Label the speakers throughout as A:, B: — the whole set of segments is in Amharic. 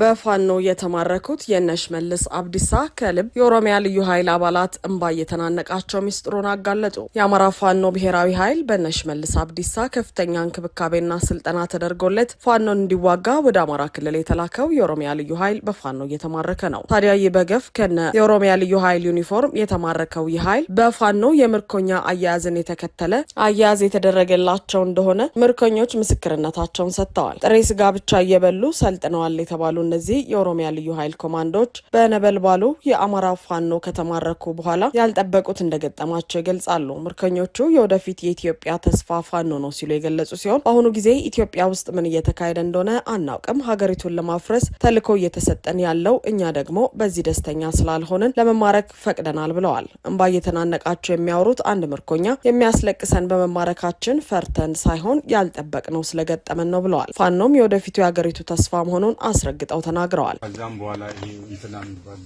A: በፋኖ የተማረኩት የነሽመልስ አብዲሳ ከልብ የኦሮሚያ ልዩ ኃይል አባላት እንባ እየተናነቃቸው ሚስጥሩን አጋለጡ። የአማራ ፋኖ ብሔራዊ ኃይል በነሽመልስ አብዲሳ ከፍተኛ እንክብካቤና ስልጠና ተደርጎለት ፋኖን እንዲዋጋ ወደ አማራ ክልል የተላከው የኦሮሚያ ልዩ ኃይል በፋኖ እየተማረከ ነው። ታዲያ ይህ በገፍ ከነ የኦሮሚያ ልዩ ኃይል ዩኒፎርም የተማረከው ይህ ኃይል በፋኖ የምርኮኛ አያያዝን የተከተለ አያያዝ የተደረገላቸው እንደሆነ ምርኮኞች ምስክርነታቸውን ሰጥተዋል። ጥሬ ስጋ ብቻ እየበሉ ሰልጥነዋል የተባሉ እነዚህ የኦሮሚያ ልዩ ኃይል ኮማንዶዎች በነበልባሉ የአማራ ፋኖ ከተማረኩ በኋላ ያልጠበቁት እንደገጠማቸው ይገልጻሉ። ምርኮኞቹ የወደፊት የኢትዮጵያ ተስፋ ፋኖ ነው ሲሉ የገለጹ ሲሆን በአሁኑ ጊዜ ኢትዮጵያ ውስጥ ምን እየተካሄደ እንደሆነ አናውቅም። ሀገሪቱን ለማፍረስ ተልዕኮ እየተሰጠን ያለው እኛ ደግሞ በዚህ ደስተኛ ስላልሆንን ለመማረክ ፈቅደናል ብለዋል። እንባ እየተናነቃቸው የሚያወሩት አንድ ምርኮኛ የሚያስለቅሰን በመማረካችን ፈርተን ሳይሆን ያልጠበቅነው ስለገጠመን ነው ብለዋል። ፋኖም የወደፊቱ የሀገሪቱ ተስፋ መሆኑን አስረግጠው እንደመጣው ተናግረዋል።
B: ከዛም በኋላ ይሄ እንትና የሚባል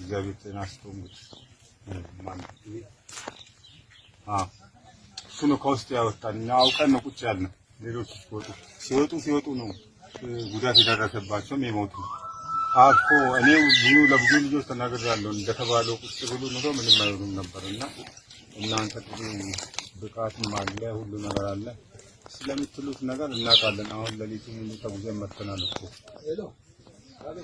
B: እግዚአብሔር ጤና እሱ ነው ከውስጥ ያወጣን። እኛ አውቀን ነው ቁጭ ያልነው። ሌሎች ሲወጡ ሲወጡ ሲወጡ ነው ጉዳት የደረሰባቸውም የሞቱ አኮ እኔ ብዙ ለብዙ ልጆች ተናግሬያለሁ። እንደተባለው ቁጭ ብሉ ኑሮ ምንም አይሆኑም ነበር እና እናንተ ብቃትም አለ ሁሉ ነገር አለ ስለምትሉት ነገር እናውቃለን። አሁን ለሊቱ ሙሉ ተጉዘን መጥተናል እኮ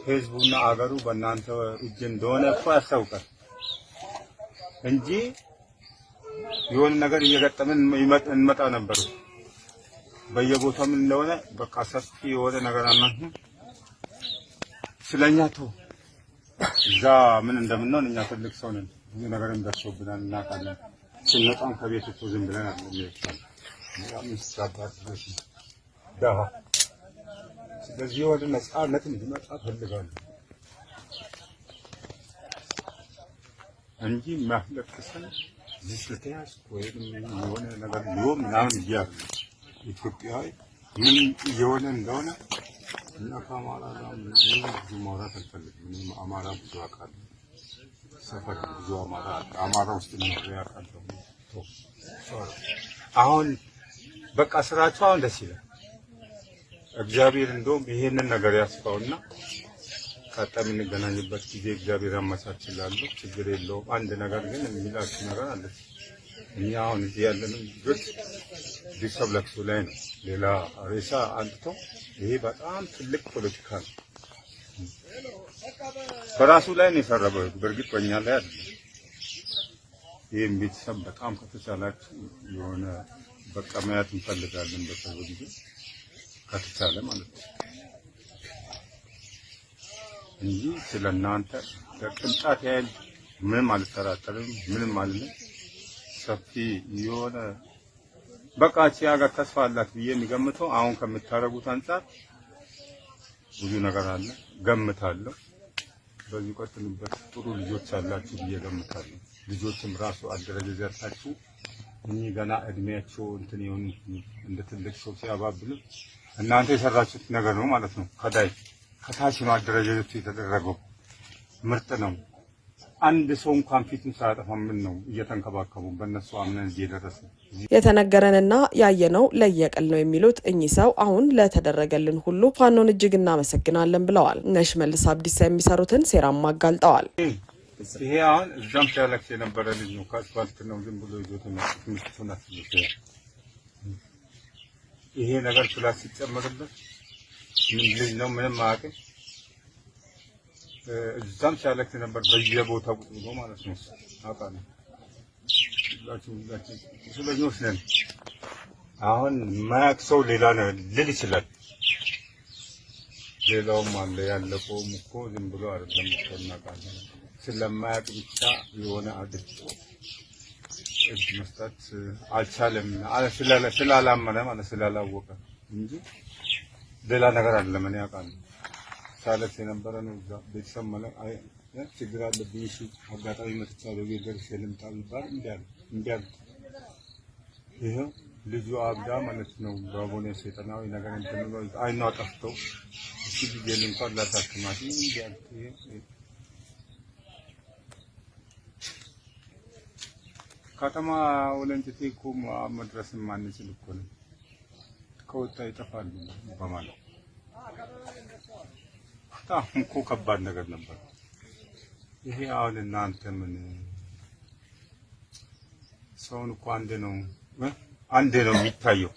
B: ህዝቡና አገሩ በእናንተ እጅ እንደሆነ እኮ ያስታውቃል እንጂ የሆነ ነገር እየገጠምን እንመጣ ነበር። በየቦታው ምን እንደሆነ በቃ ሰፊ የሆነ ነገር አናት ስለኛ ቶ እዛ ምን እንደምንሆን እኛ ትልቅ ሰው ነን። ብዙ ነገርም ደርሶብናል እናውቃለን። ስንመጣም ከቤት እኮ ዝም ብለን አለ አምስት አባት በፊት ደሃ ስለዚህ ወደ ነጻነት እንዲመጣ ፈልጋለሁ እንጂ ማለቅሰን እዚህ ወይም የሆነ ነገር ሊሆን ምናምን እያሉ ኢትዮጵያዊ ምን እየሆነ እንደሆነ እና ከአማራ ጋር ብዙ ማውራት አልፈልግም። ምንም አማራ ብዙ አውቃለሁ፣ ሰፈር ብዙ አማራ አማራ ውስጥ ነው አሁን በቃ ስራቸው አሁን ደስ ይላል። እግዚአብሔር እንደውም ይሄንን ነገር ያስፋውና ቀጣይ የምንገናኝበት ጊዜ እግዚአብሔር ያመቻችላሉ። ችግር የለውም። አንድ ነገር ግን የሚላችሁ ነገር አለ። እኛ አሁን እዚህ ያለንም ልጆች ቤተሰብ ለቅሶ ላይ ነው። ሌላ ሬሳ አንጥተው ይሄ በጣም ትልቅ ፖለቲካ ነው። በራሱ ላይ ነው የሰረበው። በእርግጥ በእኛ ላይ አይደለም። ይህም ቤተሰብ በጣም ከተቻላችሁ የሆነ በቃ ማየት እንፈልጋለን። በቅርብ ጊዜ ከተቻለ ማለት ነው እንጂ ስለ እናንተ በቅንጣት ያህል ምንም አልጠራጠርም። ምንም አልልም። ሰፊ የሆነ በቃ እቺ ሀገር ተስፋ አላት ብዬ የሚገምተው አሁን ከምታደርጉት አንጻር ብዙ ነገር አለ ገምታለሁ። በዚህ ቀጥሉበት። ጥሩ ልጆች አላችሁ ብዬ ገምታለሁ። ልጆችም ራሱ አደረጃጀታችሁ እኚህ ገና እድሜያቸው እንትን የሆኑ እንደ ትልቅ ሰው ሲያባብሉ እናንተ የሰራችሁት ነገር ነው ማለት ነው። ከላይ ከታች ማደረጃጀቱ የተደረገው ምርጥ ነው። አንድ ሰው እንኳን ፊትም ሳያጠፋ ምን ነው እየተንከባከቡ በእነሱ አምነን እዚህ የደረሰ
A: የተነገረንና ያየነው ለየቀል ነው የሚሉት እኚህ ሰው አሁን ለተደረገልን ሁሉ ፋኖን እጅግ እናመሰግናለን ብለዋል። እነ ሽመልስ አብዲሳ የሚሰሩትን ሴራም አጋልጠዋል።
B: ይሄ አሁን እዛም ሲያለቅስ የነበረ ልጅ ነው። ከአስፋልት ነው ዝም ብሎ ይዞት የመጡት ምስቱን አስብቶ ይሄ ነገር ፕላስ ሲጨመርበት ምን ልጅ ነው ምንም አያውቅም። እዛም ሲያለቅስ የነበር በየቦታው ቁጭ ብሎ ማለት ነው። አውቃለሁ ስለኞች ነን። አሁን የማያውቅ ሰው ሌላ ነው ልል ይችላል። ሌላውም አለ ያለቀውም እኮ ዝም ብሎ አይደለም እናውቃለን ስለማያቅ ብቻ የሆነ አድርጎ እጅ መስጠት አልቻለም። ስላላመነ ማለት ስላላወቀ እንጂ ሌላ ነገር አይደለም። እኔ አውቃለሁ ሳለት የነበረ ነው። እዛ ቤተሰብ ማለት ችግር አለብኝ እሺ፣ አጋጣሚ መጥቻለሁ ቤት ደርሼ ልምጣ ቢባል እንዲያል እንዲያል ይኸው ልጁ አብዳ ማለት ነው። ባቦኔ ሰይጣናዊ ነገር እንትን ነው። አይኗ ጠፍቶ እሺ፣ ልጄን እንኳን ላሳክማት እንዲያል ከተማ ወለንቲቴ እኮ መድረስ ማንችል እኮ ነው ከወጣ ይጠፋሉ በማለት በጣም እኮ ከባድ ነገር ነበር ይሄ። አሁን እናንተ ምን ሰውን እኮ አንድ ነው አንድ ነው የሚታየው።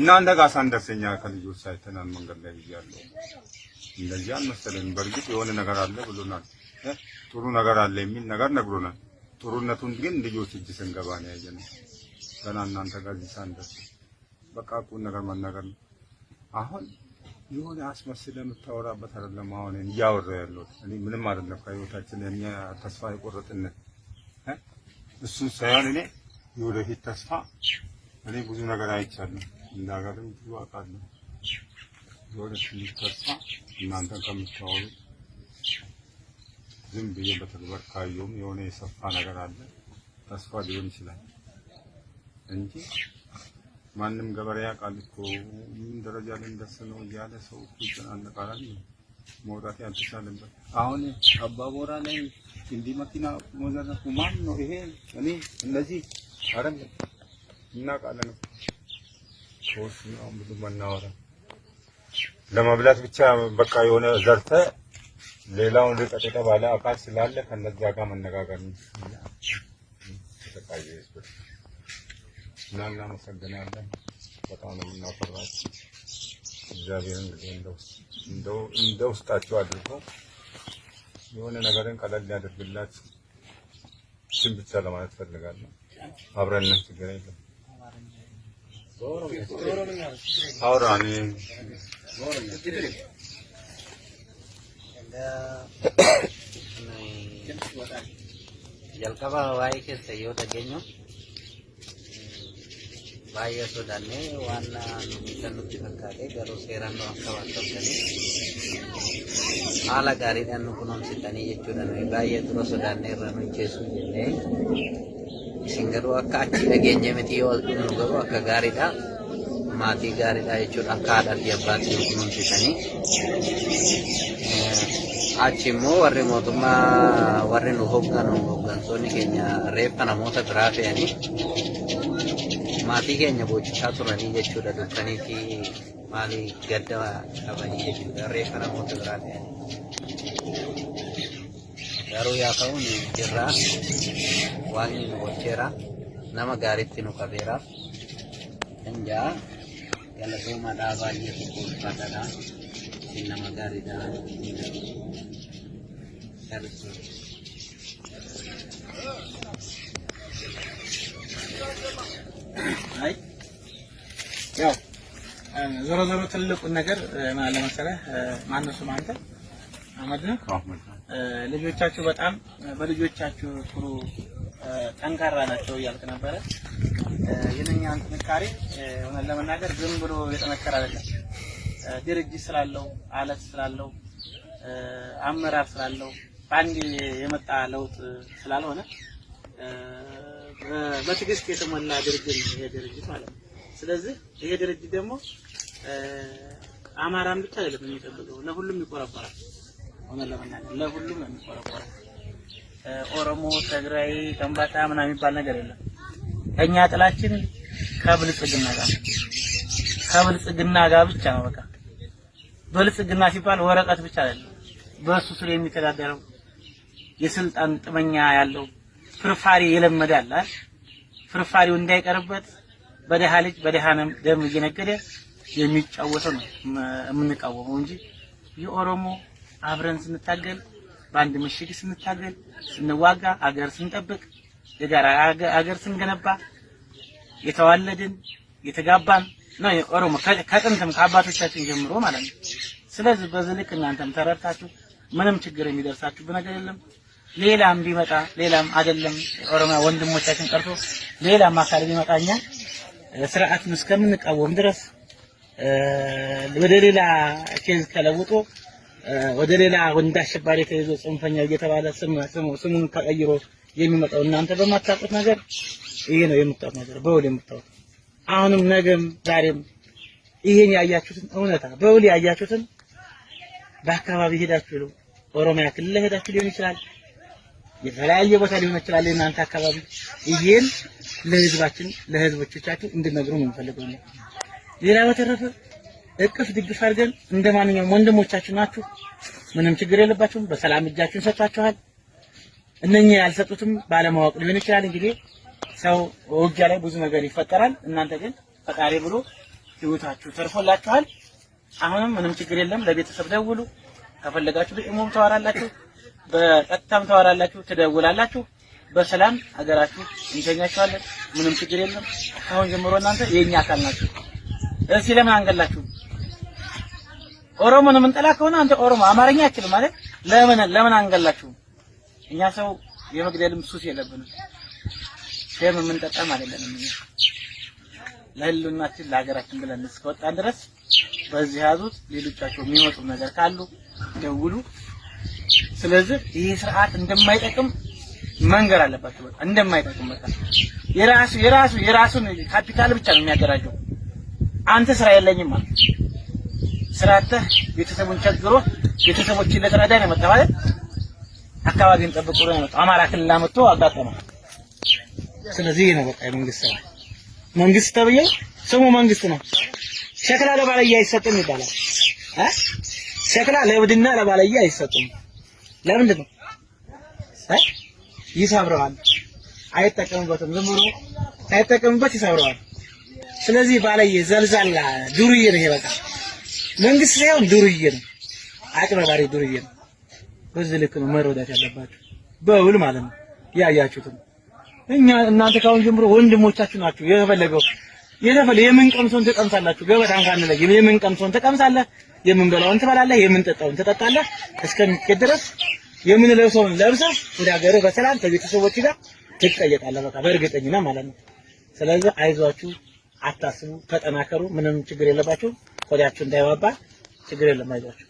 B: እናንተ ጋር ሳንደርሰኛ ከልጆች ሳይተናል መንገድ ላይ ብያለሁ። እንደዚህ አልመሰለንም። በእርግጥ የሆነ ነገር አለ ብሎናል። ጥሩ ነገር አለ የሚል ነገር ነግሮናል። ጥሩነቱን ግን ልጆች እጅ ስንገባ ነው ያየነው። ገና እናንተ ጋር እዚህ ሳንደርስ በቃ ቁም ነገር መናገር ነው። አሁን የሆነ አስመስል የምታወራበት አይደለም። አሁን እያወራ ያለሁት እኔ ምንም አይደለም። ከህይወታችን የኛ ተስፋ የቆረጥነት እሱን ሳይሆን እኔ የወደፊት ተስፋ እኔ ብዙ ነገር አይቻለሁ፣ እንደ ሀገርም ብዙ አውቃለሁ። የወደፊት ተስፋ እናንተ ከምታወሩት ዝም ብዬ በተግባር ካየሁም የሆነ የሰፋ ነገር አለ ተስፋ ሊሆን ይችላል እንጂ ማንም ገበሬ ያውቃል እኮ ምን ደረጃ ላይ እንደሰ ነው እያለ ሰው ይጨናነቃል። መውጣት ያልተቻለበት አሁን አባቦራ ላይ እንዲህ መኪና መዘረፉ ማን ነው ይሄ? እኔ እነዚህ አረም እናውቃለን። ሰዎች ነው ብዙ መናወራ ለመብላት ብቻ በቃ የሆነ ዘርተ ሌላውን ርቀት የተባለ አካል ስላለ ከነዚያ ጋር መነጋገር ተጠቃሚ ህዝብ እና እናመሰግናለን። በጣም ነው እግዚአብሔር እንግዲህ እንደ አድርጎ የሆነ ነገርን ቀለል ያደርግላችሁ። ስም ብቻ ለማለት ፈልጋለሁ። አብረን ነን፣ ችግር የለም። አውራ እኔ
C: anda jalkaba wai ke sayo da genyo wai eso dane wana nubita nubita kade garo seerano akka wattoltani haala gaariidhaan nu kunoomsitanii jechuudha nuyi baay'ee dura sodaannee irra nu jeesuu jennee isin garuu akka achi dhageenye miti yoo nu mati maatii gaariidha jechuudha dia aadaa fi di sini eh, aci mo warri ma warri nu hoogganu kenya keenya reeffa namoota biraa fe'anii maatii keenya boocichaa turanii jechuudha dukkanii fi maali gadda qabanii jechuudha reeffa namoota biraa baru ya kau nih cerah wangi nu cerah nama garis nu qabeeraaf. Kan Galatooma baay'ee tokkoffataadha. Nama gaariidha.
D: ያው ዞሮ ዞሮ ትልቁን ነገር ለመሰለህ ማነው ስም አንተ ልጆቻችሁ በጣም በልጆቻችሁ ኩሩ፣ ጠንካራ ናቸው እያልክ ነበረ። የነኛን ጥንካሬ እውነት ለመናገር ዝም ብሎ የጠነከረ አይደለም። ድርጅት ስላለው አለት ስላለው አመራር ስላለው በአንድ የመጣ ለውጥ ስላልሆነ በትዕግስት የተሞላ ድርጅት ነው ይሄ ድርጅት ማለት ነው። ስለዚህ ይሄ ድርጅት ደግሞ አማራን ብቻ አይደለም የሚጠብቀው፣ ለሁሉም ይቆረቆራል። እውነት ለመናገር ለሁሉም ነው ኦሮሞ፣ ትግራይ፣ ከምባታ ምናምን የሚባል ነገር የለም። እኛ ጥላችን ከብልጽግና ጋር ከብልጽግና ጋር ብቻ ነው። በቃ ብልጽግና ሲባል ወረቀት ብቻ አይደለም። በእሱ ስር የሚተዳደረው የስልጣን ጥመኛ ያለው ፍርፋሪ የለመደ አለ ፍርፋሪው እንዳይቀርበት በደሃ ልጅ በደሃ ደም እየነገደ የሚጫወተው ነው የምንቃወመው እንጂ የኦሮሞ አብረን ስንታገል በአንድ ምሽግ ስንታገል ስንዋጋ አገር ስንጠብቅ የጋራ አገር ስንገነባ የተዋለድን የተጋባን ነው። ኦሮሞ ከጥንትም ከአባቶቻችን ጀምሮ ማለት ነው። ስለዚህ በዚህ ልክ እናንተም ተረድታችሁ ምንም ችግር የሚደርሳችሁ ነገር የለም። ሌላም ቢመጣ ሌላም አይደለም ኦሮሚያ ወንድሞቻችን ቀርቶ ሌላም አካል ቢመጣ እኛ ስርዓቱን እስከምንቃወም ድረስ ወደ ሌላ ኬዝ ተለውጦ ወደ ሌላ ወንድ አሸባሪ ተይዞ ጽንፈኛ እየተባለ ስሙን ተቀይሮ የሚመጣው። እናንተ በማታውቁት ነገር ይሄ ነው የምታውቁት ነገር በውል የምታውቁት። አሁንም ነገም ዛሬም ይሄን ያያችሁትን እውነታ በውል ያያችሁትን በአካባቢ ሄዳችሁ ነው ኦሮሚያ ክልል ሄዳችሁ ሊሆን ይችላል፣ የተለያየ ቦታ ሊሆን ይችላል። እናንተ አካባቢ ይሄን ለህዝባችን ለህዝቦቻችሁ እንድነግሩ ነው የምፈልገው። ሌላ በተረፈ እቅፍ ድግፍ አድርገን እንደማንኛውም ወንድሞቻችሁ ናችሁ። ምንም ችግር የለባችሁም። በሰላም እጃችሁን ሰጥታችኋል። እነኚህ ያልሰጡትም ባለማወቅ ሊሆን ይችላል። እንግዲህ ሰው ውጊያ ላይ ብዙ ነገር ይፈጠራል። እናንተ ግን ፈጣሪ ብሎ ህይወታችሁ ተርፎላችኋል። አሁንም ምንም ችግር የለም። ለቤተሰብ ደውሉ። ከፈለጋችሁ በኢሞም ተዋራላችሁ፣ በቀጥታም ተዋራላችሁ፣ ትደውላላችሁ። በሰላም ሀገራችሁ እንሸኛችኋለን። ምንም ችግር የለም። ካሁን ጀምሮ እናንተ የኛ አካል ናችሁ። እዚህ ለምን አንገላችሁ? ኦሮሞን የምንጠላ ከሆነ አንተ ኦሮሞ አማርኛ አችልም ማለት ለምን ለምን አንገላችሁ? እኛ ሰው የመግደልም ሱስ የለብንም። ደም የምንጠጣም አይደለንም። ለህልናችን ለሀገራችን ብለን እስከወጣን ድረስ በዚህ ያዙት። ሌሎቻቸው የሚመጡ ነገር ካሉ ደውሉ። ስለዚህ ይህ ስርዓት እንደማይጠቅም መንገር አለባቸው። በቃ እንደማይጠቅም በቃ የራሱ የራሱ የራሱን ካፒታል ብቻ ነው የሚያደራጀው። አንተ ስራ የለኝም ማለት ስራተህ ቤተሰቡን ቸግሮ ቤተሰቦችን ለተረዳ ነው መጣው አይደል? አካባቢን ጠብቆ ነው ያመጣው። አማራ ክልል አመጥቶ አጋጠመው። ስለዚህ ነው በቃ የመንግስት ስራ መንግስት ተብዬ ስሙ መንግስት ነው። ሸክላ ለባለየ አይሰጥም ይባላል። አ ሸክላ ለብድና ለባለየ አይሰጥም። ለምንድን ነው ይሰብረዋል። አይጠቀምበትም። ዝም ብሎ አይጠቀምበት፣ ይሰብረዋል። ስለዚህ ባለየ ዘልዛላ ዱርዬ ነው። ይሄ በቃ መንግስት ሳይሆን ዱርዬ ነው። አጭበርባሪ ዱርዬ ነው። በዚህ ልክ ነው መረዳት ያለባችሁ በውል ማለት ነው። ያያችሁት። እኛ እናንተ ካሁን ጀምሮ ወንድሞቻችሁ ናችሁ። የፈለገው የተፈለ የምንቀምሰውን ትቀምሳላችሁ። ገበታም ካንለይ የምንቀምሰውን ትቀምሳለህ፣ የምንበላውን ትበላለህ፣ የምንጠጣውን ትጠጣለህ። እስከሚኬድ ድረስ የምንለብሰውን ለብሰህ ወደ ሀገርህ በሰላም ከቤተሰቦች ጋር ትጠየቃለህ። በቃ በእርግጠኝነት ማለት ነው። ስለዚህ አይዟችሁ፣ አታስቡ፣ ተጠናከሩ። ምንም ችግር የለባችሁ። ቆዳችሁ እንዳይባባ ችግር የለም። አይዟችሁ።